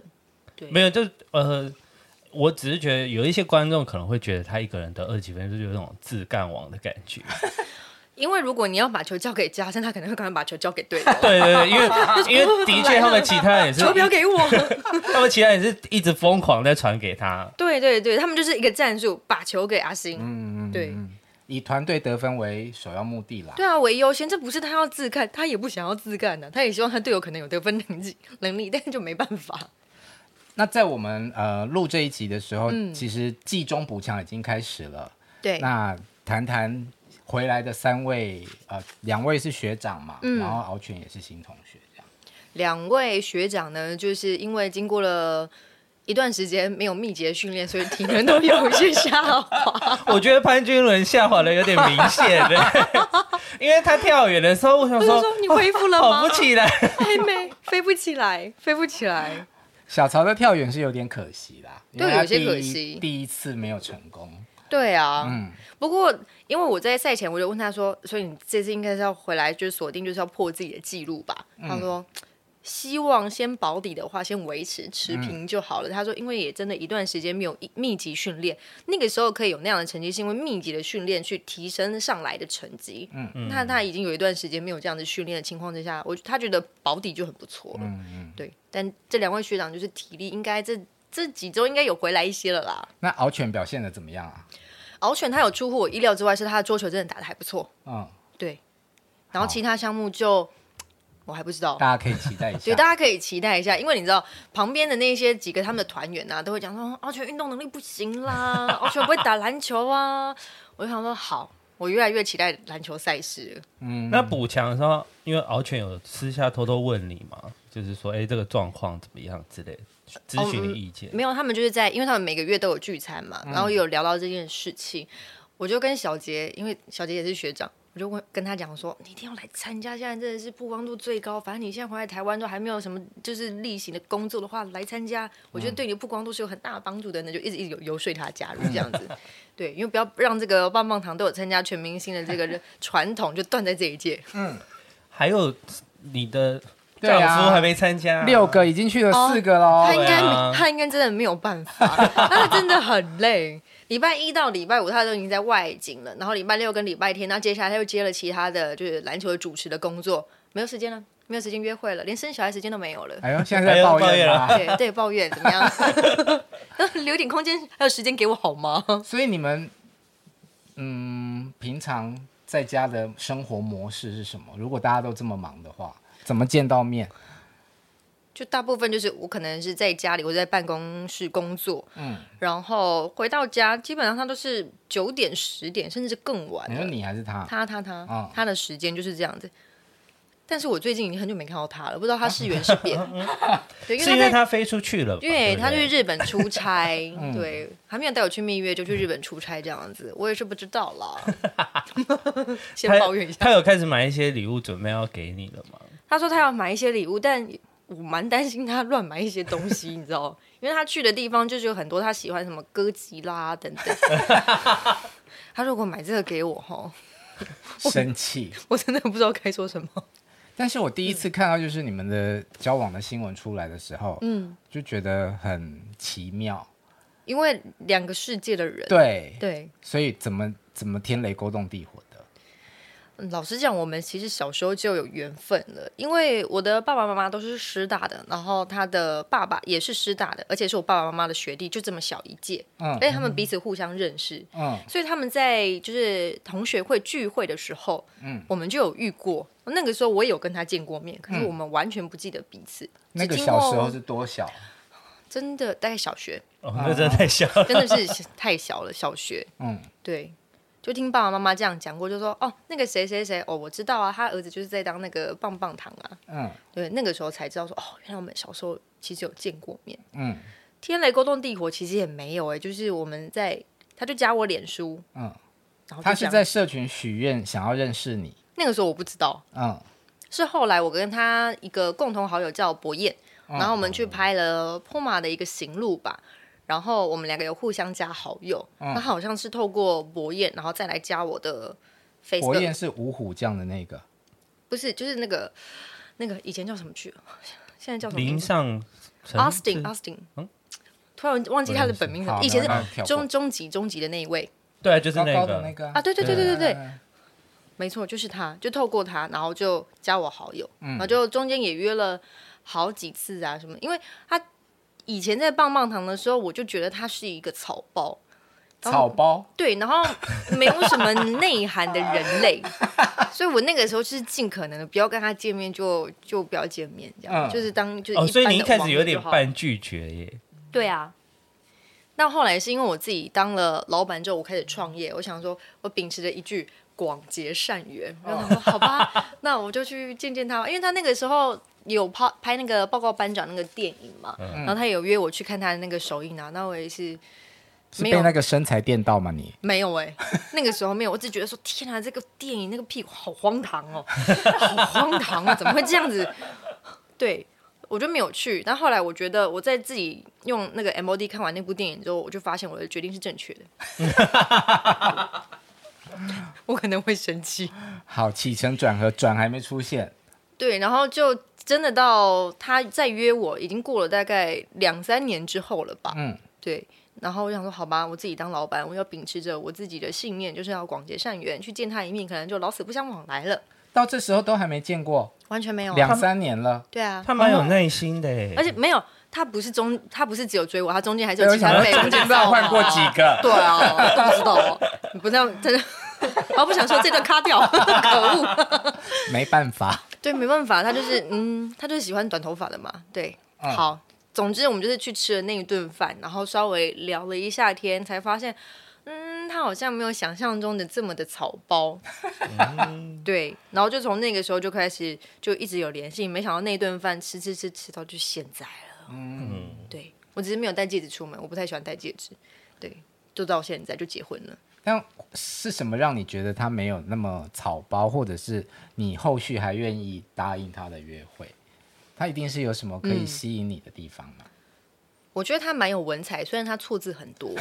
沒有，就呃，我只是覺得有一些觀眾可能會覺得他一個人得二十幾分就是有種自幹王的感覺。 因為如果你要把球交給阿星，他可能會趕快把球交給隊友。 對，對，對，因為 因為的確他們其他人也是。 球不表要給我。 他們其他人是一直瘋狂在傳給他。對對對，他們就是一個戰術，把球給阿星。嗯嗯。對，以團隊得分為首要目的啦。對啊，為優先，這不是他要自幹，他也不想要自幹的、啊，他也希望他隊友可能有得分能力能力，但是就沒辦法。那在我們呃錄這一集的時候，嗯、其實季中補強已經開始了。對。那談談。回來的三位，呃，兩位是學長嘛，嗯、然後敖犬也是新同學這樣，兩位學長呢，就是因為經過了一段時間沒有密集的訓練，所以體能都有一些下滑。 我覺得潘君倫下滑的有點明顯， 對，因為他跳遠的時候我想，我就說你恢復了、啊、跑不起來，還沒飛不起來，飛不起來。小曹的跳遠是有點可惜啦，對有些可惜。第一次沒有成功。對啊，嗯，不過因為我在賽前我就問他說，所以你這次應該是要回來就鎖定就是要破自己的記錄吧？嗯，他說希望先保底的話，先維持持平就好了。嗯，他說因為也真的一段時間沒有密集訓練，那個時候可以有那樣的成績，是因為密集的訓練去提升上來的成績。嗯嗯。嗯，那他已經有一段時間沒有這樣的訓練的情況之下，我他覺得保底就很不錯了。嗯嗯。嗯，對，但這兩位學長就是體力應該這這幾周應該有回來一些了啦。那敖犬表現得怎麼樣啊？敖犬他有出乎我意料之外，是他的桌球真的打得還不錯。嗯，對。然後其他項目就好我還不知道，大家可以期待一下。 對，大家可以期待一下，因為你知道旁邊的那些幾個他們的團員啊都會講說哦、敖犬運動能力不行啦，敖 犬不會打籃球啊。我就想說，好，我越來越期待籃球賽事。嗯，那補強的時候，因為敖犬有私下偷偷問你嘛，就是說，哎，這個狀況怎麼樣之類的。諮詢的意見、oh, 嗯、沒有，他們就是在，因為他們每個月都有聚餐嘛，嗯、然後有聊到這件事情，我就跟小杰，因為小杰也是學長，我就會跟他講說，你一定要來參加，現在真的是曝光度最高，反正你現在回來台灣都還沒有什麼就是例行的工作的話，來參加，我覺得對你的曝光度是有很大的幫助的，那就一直，一直有游說他加入這樣子，嗯、對，因為不要讓這個棒棒堂都有參加全明星的這個傳統就斷在這一屆，嗯，還有你的。對啊還沒參加，六個已經去了四個嘍、哦。他應該，啊、他應該真的沒有辦法。 他真的很累，禮拜一到禮拜五他都已經在外景了，然後禮拜六跟禮拜天，那接下來他又接了其他的就是籃球的主持的工作，沒有時間了，沒有時間約會了，連生小孩時間都沒有了。哎呦，現在在抱怨嗎？怨了 對，抱怨怎麼樣？ 留點空間還有時間給我好嗎？所以你們，嗯，平常在家的生活模式是什麼？如果大家都這麼忙的話。怎麼見到面？就大部分就是我可能是在家裡我在辦公室工作，嗯，然後回到家基本上他都是九點十點甚至更晚。你說你還是他？他他他，他的時間就是這樣子。但是我最近已經很久沒看到他了，不知道他是圓是扁。對，是因為他飛出去了，因為他去日本出差，對，還沒有帶我去蜜月就去日本出差這樣子，我也是不知道啦。先抱怨一下，他有開始買一些禮物準備要給你了嗎？他說他要買一些禮物，但我蠻擔心他亂買一些東西，你知道 因為他去的地方就是有很多他喜歡什麼哥吉拉等等。 他如果買這個給我，吼，生氣！我真的不知道該說什麼。但是我第一次看到、嗯、就是你們的交往的新聞出來的時候，嗯，就覺得很奇妙，因為兩個世界的人，對對，對所以怎麼怎麼天雷勾動地火。嗯、老實講，我們其實小時候就有緣分了，因為我的爸爸媽媽都是師大的，然後他的爸爸也是師大的，而且是我爸爸媽媽的學弟，就這麼小一屆，嗯，所以他們彼此互相認識，嗯，所以他們在就是同學會聚會的時候，嗯，我們就有遇過，那個時候我也有跟他見過面，可是我們完全不記得彼此。嗯、那個小時候是多小？真的，大概小學，哦，那真的太小了，真的是太小了，小學，嗯，對。就聽爸爸媽媽這樣講過，就說哦，那個誰誰誰哦，我知道啊，他兒子就是在當那個棒棒糖啊。嗯，對，那個時候才知道說哦，原來我們小時候其實有見過面。嗯，天雷勾動地火其實也沒有哎、欸，就是我們在他就加我臉書，嗯，然後他是在社群許願想要認識你。那個時候我不知道，嗯，是後來我跟他一個共同好友叫博燕，然後我們去拍了 Puma 的一個行路吧。然後我們兩個有互相加好友，他好像是透過博彥，然後再來加我的 Facebook。博彥是五虎將的那個？不是，就是那個那個以前叫什麼劇，現在叫什麼？名上 Austin，Austin。嗯。突然忘記他的本名了，以前是終終極終極的那一位。對，就是那個那個啊，對對對對對對，沒錯，就是他，就透過他，然後就加我好友，然後就中間也約了好幾次啊什麼，因為他。以前在棒棒堂的時候，我就覺得他是一個草包，草包對，然後沒有什麼內涵的人類， 所以我那個時候就是盡可能的不要跟他見面就，就就不要見面，這樣、嗯、就是當就是就。哦，所以你一開始有點半拒絕耶。對啊。那後來是因為我自己當了老闆之後，我開始創業，我想說我秉持着一句廣結善緣，然後他說好吧，哦、那我就去見見他，因為他那個時候。有拍拍那個報告班長那個電影嘛？嗯、然後他有約我去看他的那個首映啊，那我也是沒有，是被那個身材電到嗎你？你沒有哎、欸， 那個時候沒有，我只覺得說天啊，這個電影那個屁股好荒唐哦，好荒唐啊，哦，怎麼會這樣子？對，我就沒有去。但後來我覺得我在自己用那個 MOD 看完那部電影之後，我就發現我的決定是正確的。 我可能會生氣。 好，起承轉合，轉還沒出現。對，然後就真的到他再約我，已經過了大概兩三年之後了吧。嗯，對。然後我想說，好吧，我自己當老板，我要秉持着我自己的信念，就是要廣結善緣，去見他一面，可能就老死不相往來了。到這時候都還沒見過，完全沒有，兩三年了。對啊，他蠻有耐心的、嗯。而且沒有，他不是中，他不是只有追我，他中間還是有其他。中間再換過幾個， 對啊，不知道、哦， 不知道，真的， 我不想說這段卡掉， 可惡，沒辦法。對，沒辦法，他就是，嗯，他就是喜歡短頭髮的嘛。對，嗯、好，總之我們就是去吃了那一頓飯，然後稍微聊了一下天，才發現，嗯，他好像沒有想象中的這麼的草包。嗯、對，然後就從那個時候就開始，就一直有聯繫。沒想到那一頓飯吃吃吃吃到就現在了。嗯，嗯，對，我只是沒有戴戒指出門，我不太喜歡戴戒指。對，就到現在就結婚了。那是什麼讓你覺得他沒有那麼草包，或者是你後續還願意答應他的約會？他一定是有什麼可以吸引你的地方嗎？嗯、我覺得他蠻有文采，雖然他錯字很多。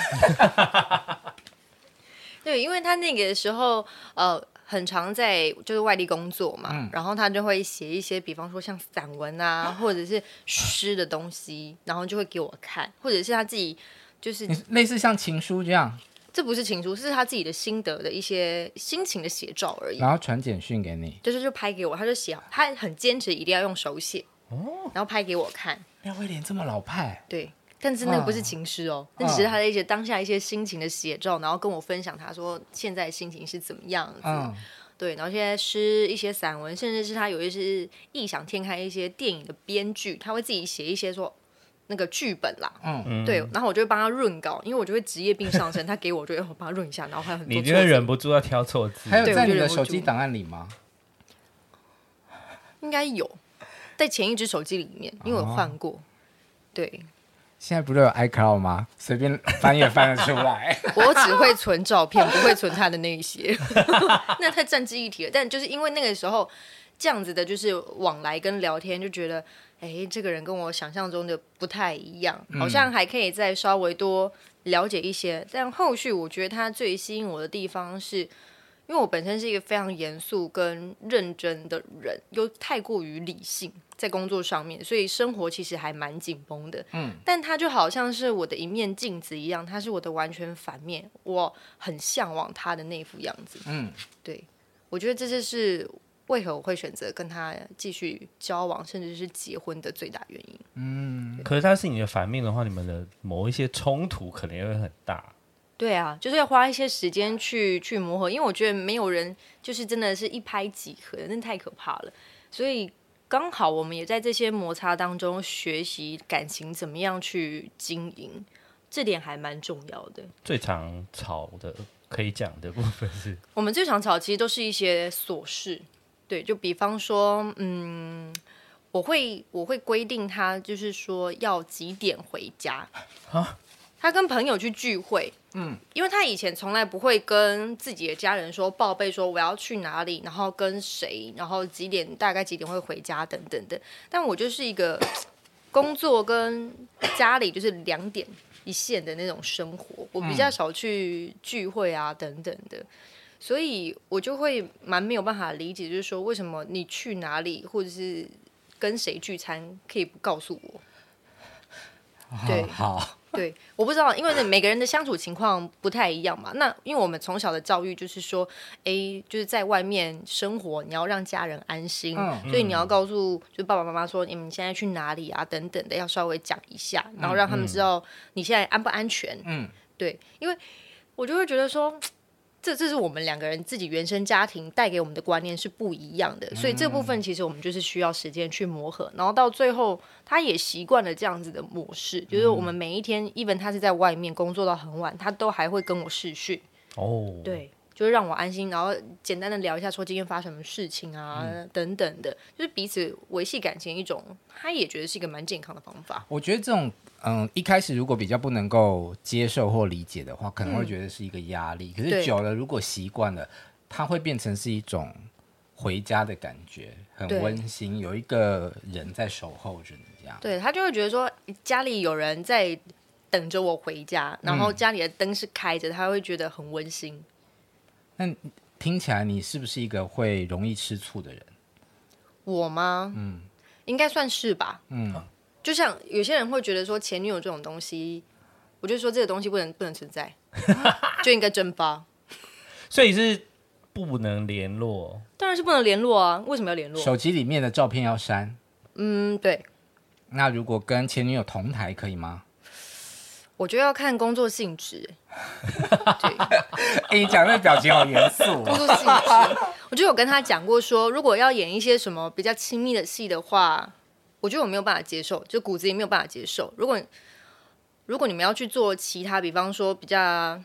對，因為他那個時候呃，很常在就是外地工作嘛，嗯、然後他就會寫一些，比方說像散文啊，或者是詩的東西， 然後就會給我看，或者是他自己就是類似像情書這樣。這不是情書，是他自己的心得的一些心情的寫照而已。然後傳簡訊給你，就是就拍給我，他就寫，他很堅持一定要用手寫，哦，然後拍給我看。廖威廉這麼老派？啊。對，但是那個不是情詩哦，哇那只是他的一些、啊、當下一些心情的寫照，然後跟我分享，他說現在心情是怎麼樣嗯，啊、對，然後現在是一些散文，甚至是他有一些異想天開一些電影的編劇，他會自己寫一些說。那個劇本啦，嗯，對，然後我就會幫他潤稿，因為我就會職業病上身。他給我就幫他潤一下， 然後還有很多錯字，你就會忍不住要挑錯字，還有在你的手機檔案裡嗎？應該有，在前一支手機裡面，因為我換過，哦、對，現在不是有 iCloud 嗎？隨便翻也翻得出來。 我只會存照片，不會存他的那一些， 那太佔記憶體了。但就是因為那個時候。這樣子的，就是往來跟聊天，就覺得，哎、欸，這個人跟我想象中的不太一樣，好像還可以再稍微多了解一些。嗯，但後續我覺得他最吸引我的地方是，因為我本身是一個非常嚴肅跟認真的人，又太過於理性，在工作上面，所以生活其實還蠻緊繃的。嗯，但他就好像是我的一面鏡子一樣，他是我的完全反面，我很向往他的那副樣子。嗯，對，我覺得這就是。為何我會選擇跟他繼續交往，甚至是結婚的最大原因？嗯，對可是他是你的反面的話，你們的某一些衝突可能也會很大。對啊，就是要花一些時間去去磨合，因為我覺得沒有人就是真的是一拍即合，那太可怕了。所以剛好我們也在這些摩擦當中學習感情怎麼樣去經營，這點還蠻重要的。最常吵的可以講的部分是， 我們最常吵其實都是一些瑣事。對，就比方說，嗯，我會我會規定他，就是說要幾點回家。蛤他跟朋友去聚會，嗯，因為他以前從來不會跟自己的家人說報備，說我要去哪裡，然後跟誰，然後幾點，大概幾點會回家等等等。但我就是一個工作跟家裡就是兩點一線的那種生活，我比較少去聚會啊等等的。嗯等等的所以，我就會蠻沒有辦法理解，就是說，為什麼你去哪裡，或者是跟誰聚餐，可以不告訴我？對，好，對，我不知道，因為每個人的相處情況不太一樣嘛。那因為我們從小的教育就是說，誒就是在外面生活，你要讓家人安心，所以你要告訴就爸爸媽媽說，你們現在去哪裡啊？等等的，要稍微講一下，然後讓他們知道你現在安不安全？嗯，對，因為我就會覺得說。這這是我們兩個人自己原生家庭帶給我們的觀念是不一樣的，嗯、所以這部分其實我們就是需要時間去磨合，然後到最後他也習慣了這樣子的模式，就是我們每一天，even、嗯、他是在外面工作到很晚，他都還會跟我視訊哦，對。就讓我安心，然後簡單的聊一下說今天發生什麼事情啊、嗯、等等的，就是彼此維繫感情的一種，他也覺得是一個蠻健康的方法。我覺得這種，嗯，一開始如果比較不能夠接受或理解的話，可能會覺得是一個壓力。嗯、可是久了，對如果習慣了，他會變成是一種回家的感覺，很溫馨，對有一個人在守候着你。這樣，對他就會覺得說家裡有人在等着我回家，然後家裡的燈是開着，他會覺得很溫馨。那聽起來你是不是一個會容易吃醋的人？我嗎？嗯，應該算是吧。嗯，就像有些人會覺得說前女友這種東西，我就說這個東西不能不能存在，就應該蒸發。 所以是不能聯絡？當然是不能聯絡啊！為什麼要聯絡？手機裡面的照片要刪。嗯，對。那如果跟前女友同台可以嗎？我覺得要看工作性質。對，你講那個表情好嚴肅。工作性質，我就有跟他講過，說如果要演一些什麼比較親密的戲的話，我覺得我沒有辦法接受，就骨子也沒有辦法接受。如果如果你們要去做其他，比方說比較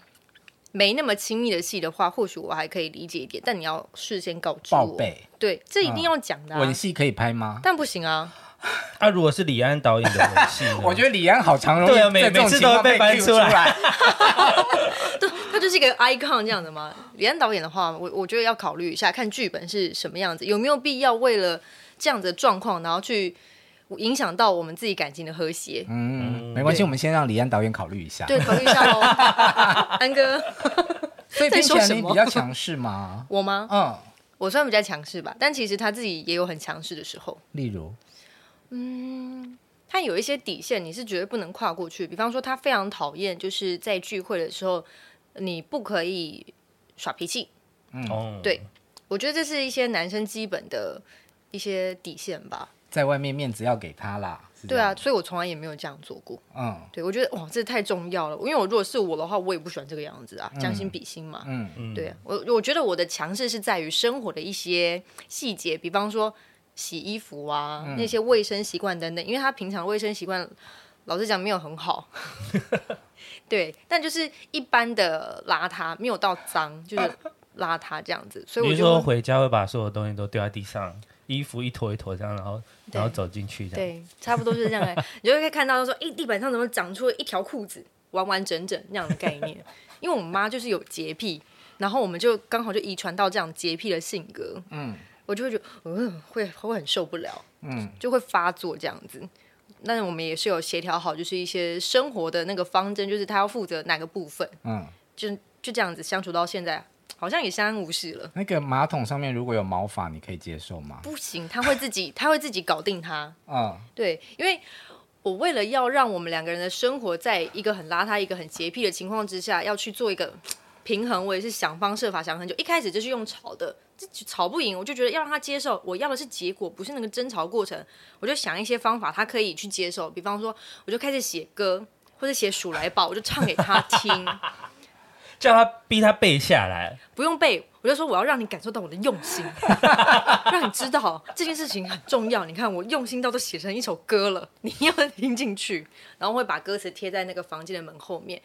沒那麼親密的戲的話，或許我還可以理解一點。但你要事先告知我，對，這一定要講的。吻戲可以拍嗎？但不行啊。如果是李安導演的戲，我覺得李安好強。對啊，每每次都被搬出來。對，他就是一個 icon 這樣的嘛。李安導演的話，我我覺得要考慮一下，看劇本是什麼樣子，有沒有必要為了這樣的狀況，然後去影響到我們自己感情的和諧。嗯，沒關係，我們先讓李安導演考慮一下，對，考慮一下嘍，安哥。所以聽起來你比較強勢嗎？我嗎？嗯，我算比較強勢吧，但其實他自己也有很強勢的時候，例如。嗯，他有一些底線，你是絕對不能跨過去。比方說，他非常討厭，就是在聚會的時候，你不可以耍脾氣。嗯，對，哦、我覺得這是一些男生基本的一些底線吧。在外面面子要給他啦。對啊，所以我從來也沒有這樣做過。嗯，對，我覺得哇，這太重要了。因為我如果是我的話，我也不喜歡這個樣子啊。將心比心嘛。嗯嗯，嗯嗯，對，我我覺得我的強勢是在於生活的一些細節，比方說，洗衣服啊，那些衛生習慣等等，嗯、因為他平常衛生習慣，老實講沒有很好。 對，但就是一般的邋遢，沒有到髒，就是邋遢這樣子。所以我就會比如說回家會把所有東西都丟在地上，衣服一坨一坨這樣，然後對然後走進去這樣。對，差不多就是這樣。 你就會看到說：“哎、欸，地板上怎麼長出了一條褲子，完完整整那樣的概念。” 因為我們媽就是有潔癖，然後我們就剛好就遺傳到這樣潔癖的性格。嗯。我就會覺得，嗯、呃，會會很受不了，嗯，就會發作這樣子。那我們也是有協調好，就是一些生活的那個方針，就是他要負責哪個部分，嗯，就就這樣子相處到現在，好像也相安無事了。那個馬桶上面如果有毛髮，你可以接受嗎？不行，他會自己， 他會自己搞定它。啊、嗯，對，因為我為了要讓我們兩個人的生活，在一個很邋遢、一個很潔癖的情況之下，要去做一個。平衡，我也是想方設法想很久。一開始就是用吵的，自吵不贏，我就覺得要讓他接受。我要的是結果，不是那個爭吵過程。我就想一些方法，他可以去接受。比方說，我就開始寫歌，或者寫《鼠來寶》，我就唱給他聽， 叫他逼他背下來。不用背，我就說我要讓你感受到我的用心， 讓你知道這件事情很重要。你看我用心到都寫成一首歌了，你要聽進去，然後我會把歌詞貼在那個房間的門後面。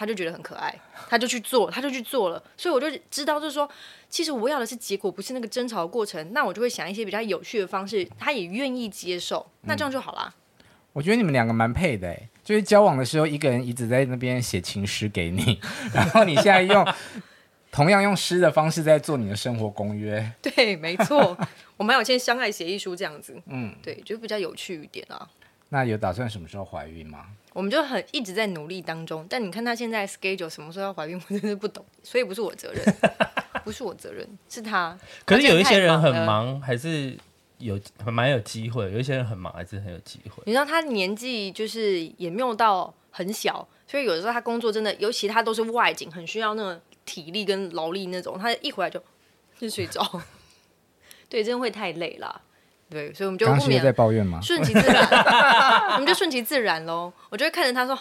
他就覺得很可愛，他就去做，他就去做了。所以我就知道，就是說，其實我要的是結果，不是那個爭吵的過程。那我就會想一些比較有趣的方式，他也願意接受，那這樣就好了。嗯。我覺得你們兩個蠻配的，就是交往的時候，一個人一直在那邊寫情詩給你，然後你現在用 同樣用詩的方式在做你的生活公約。對，沒錯，我們有簽相愛協議書這樣子。嗯，對，就比較有趣一點啊。那有打算什麼時候懷孕嗎？我們就很一直在努力當中，但你看他現在 schedule 什麼時候要懷孕，我真的不懂，所以不是我責任， 不是我責任，是他。可是有一些人很忙，呃、還是有蠻有機會；有一些人很忙，還是很有機會。你知道他年紀就是也沒有到很小，所以有的時候他工作真的，尤其他都是外景，很需要那種體力跟勞力那種，他一回來就就睡着， 對，真的會太累了。對，所以我們就不免在抱怨嗎？順其自然， 我們就順其自然咯。 我就會看着他說，哦，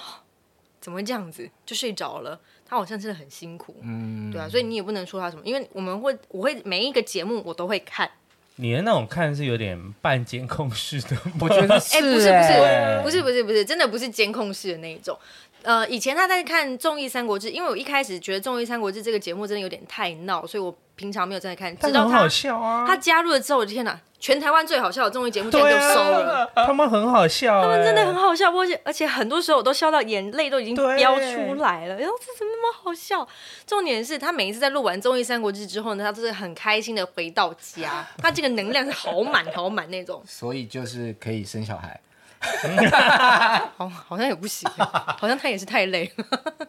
怎麼會這樣子？就睡着了，他好像真的很辛苦。嗯，對啊，所以你也不能說他什麼，因為我們會，我會每一個節目我都會看。你的那種看是有點半監控式的，我覺得是、欸欸。哎，不是不是不是不是不是真的不是監控式的那一種。呃，以前他在看《綜藝三國志》，因為我一開始覺得《綜藝三國志》這個節目真的有點太鬧，所以我平常沒有在看。直到他但很好笑啊！他加入了之後，天吶，全台灣最好笑的綜藝節目現在就收了。啊啊、他們很好笑、欸，他們真的很好笑。而且而且很多時候我都笑到眼淚都已經飆出來了。哎呦對、呃，這怎麼那麼好笑？重點是他每一次在錄完《綜藝三國志》之後呢，他都是很開心的回到家， 他這個能量是好滿好滿那種。所以就是可以生小孩。 好，好像也不行，好像他也是太累了。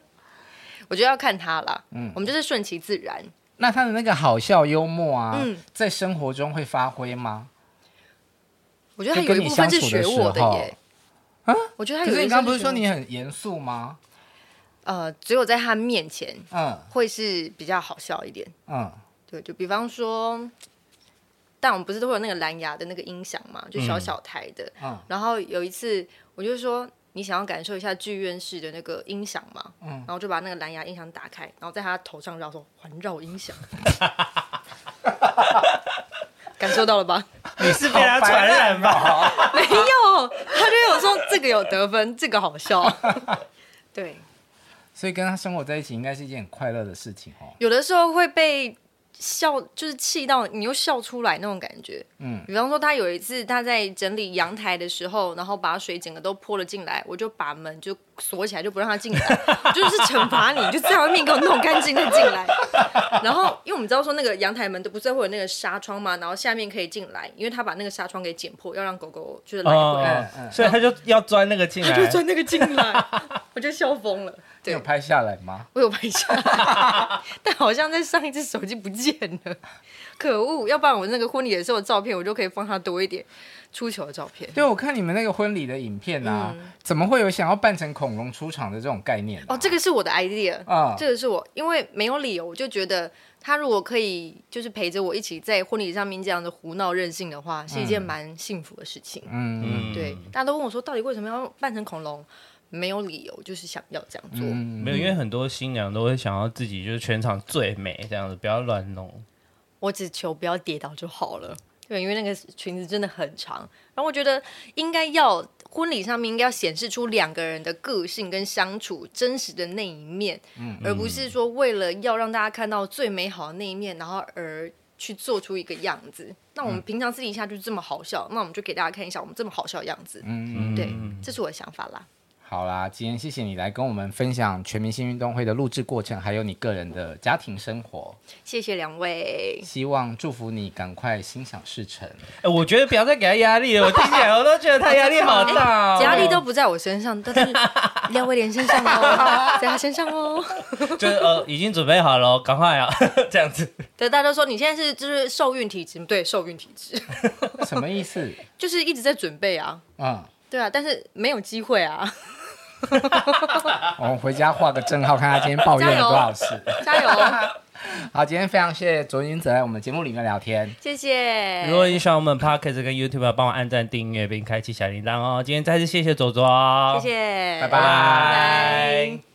我覺得要看他啦，嗯，我們就是順其自然。那他的那個好笑幽默啊，嗯，在生活中會發揮嗎？我覺得他有一部分是學我的耶。啊，我覺得他。可是你剛不是說你很嚴肅嗎？呃，只有在他面前，嗯，會是比較好笑一點。嗯，對，就比方說。但我們不是都會有那個藍牙的那個音響嘛？就小小台的。嗯嗯、然後有一次，我就說，你想要感受一下劇院式的那個音響嘛？嗯。然後就把那個藍牙音響打開，然後在他頭上繞說，環繞音響， 感受到了吧？你是被他傳染吧？好白 沒有，他就有說這個有得分，這個好笑。 對，所以跟他生活在一起應該是一件很快樂的事情哦。有的時候會被。笑，就是氣到你又笑出來那種感覺，嗯，比方說他有一次他在整理陽台的時候，然後把水整個都潑了進來，我就把門就鎖起來，就不讓他進來， 就是懲罰你， 就在外面給我弄乾淨的進來。 然後因為我們知道說那個陽台門都不是會有那個紗窗嘛，然後下面可以進來，因為他把那個紗窗給剪破，要讓狗狗就是來，所以他就要鑽那個進來，他就鑽那個進來， 我就笑瘋了。對有拍下來嗎？我有拍下來， 但好像在上一次手機不見了，可惡！要不然我那個婚禮的時候的照片，我就可以放他多一點出糗的照片。對，我看你們那個婚禮的影片啊，嗯、怎麼會有想要扮成恐龍出場的這種概念、啊？哦，這個是我的 idea 啊、哦，這個是我因為沒有理由，我就覺得他如果可以就是陪着我一起在婚禮上面這樣子胡鬧任性的話，嗯、是一件蠻幸福的事情。嗯，嗯對，大家都問我說，到底為什麼要扮成恐龍？沒有理由，就是想要這樣做。嗯、沒有，因為很多新娘都會想要自己就是全場最美這樣子，不要亂弄。我只求不要跌倒就好了。對，因為那個裙子真的很長。然後我覺得應該要婚禮上面應該要顯示出兩個人的個性跟相處真實的那一面，而不是說為了要讓大家看到最美好的那一面，然後而去做出一個樣子。那我們平常私底下就是這麼好笑，那我們就給大家看一下我們這麼好笑的樣子。嗯，嗯對，這是我的想法啦。好啦，今天謝謝你來跟我們分享全明星運動會的錄制過程，還有你個人的家庭生活。謝謝兩位，希望祝福你趕快心想事成。哎、欸，我覺得不要再給他壓力了，我聽起來我都覺得他壓力好大，哦。壓力， 啊欸，都不在我身上，但，但是 廖威廉身上好，哦， 在他身上哦。 就是呃，已經準備好了，趕快啊，這樣子。 對大家都說，你現在是就是受孕體質，對，受孕體質 什麼意思？就是一直在準備啊，啊，嗯，對啊，但是沒有機會啊。 我們回家畫個正號，看他今天抱怨了多少次。加油！加油 好，今天非常謝謝卓君澤在我們的節目裡面聊天。謝謝。如果你喜歡我們 Podcast 跟 YouTube，幫我按讚、訂閱並開啟小鈴鐺哦。今天再次謝謝卓卓。謝謝，拜拜。